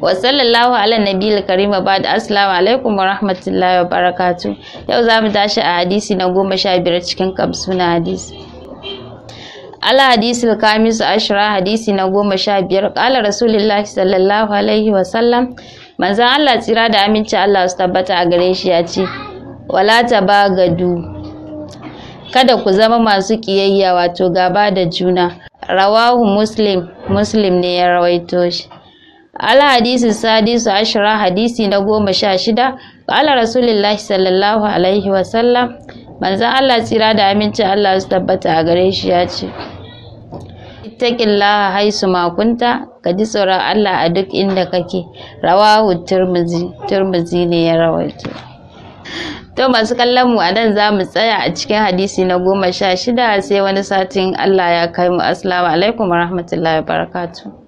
wa sallallahu ala nabiyil karim ba assalamu alaikum wa rahmatullahi wa barakatu yau za mu tashi a hadisi na goma sha biyar cikin kamsuna hadisi ala hadisul kamis ashira hadisi na goma sha biyar kala rasulullahi sallallahu alaihi wa sallam manzan Allah tsira da aminci Allah su tabbata a gare shi ya ce wala gadu kada ku zama masu ƙiyayya wato gaba da juna rawahu muslim muslim ne ya rawaito shi alhadisi sadisu ashira hadisi na goma sha shida ƙala rasulillahi sallallahu alaihi wasallam manzan allah tsira da aminci allah su tabbata a gare shi ya ce laha haisu makunta ka ji tsoron allah a duk inda kake rawahu turmuzi turmuzi ne ya rawaito to masu kallon mu a nan za mu tsaya a cikin hadisi na goma sha shida sai wani satin allah ya kai mu assalamu alaikum warahmatullahi barakatuh